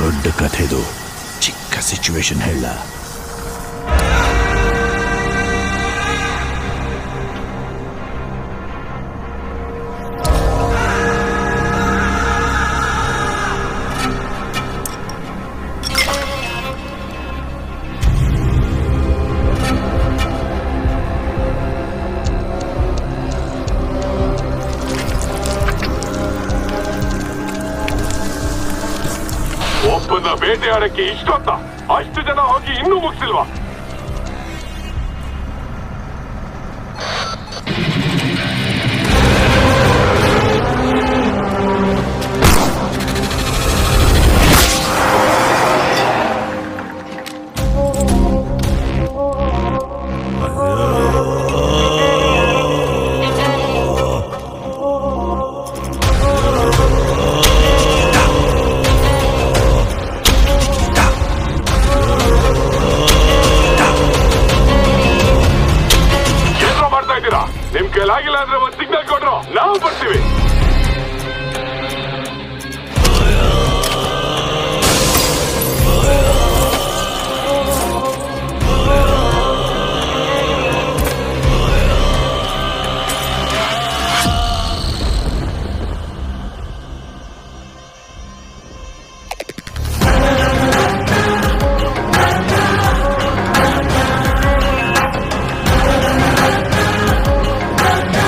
ದೊಡ್ಡ ಕಥೆದು ಚಿಕ್ಕ ಸಿಚುವೇಶನ್ ಹೇಳ ಒಬ್ಬನ ಬೇಟೆಯಾಡಕ್ಕೆ ಇಷ್ಟೊತ್ತ ಅಷ್ಟು ಜನ ಹೋಗಿ ಇನ್ನೂ ಮುಗಿಸಿಲ್ವಾ ನಿಮ್ ಕೈಲಾಗಿಲ್ಲ ಅಂದ್ರೆ ಒಂದ್ ಸಿಗ್ನಲ್ ಕೊಟ್ರು ನಾವು ಬರ್ತೀವಿ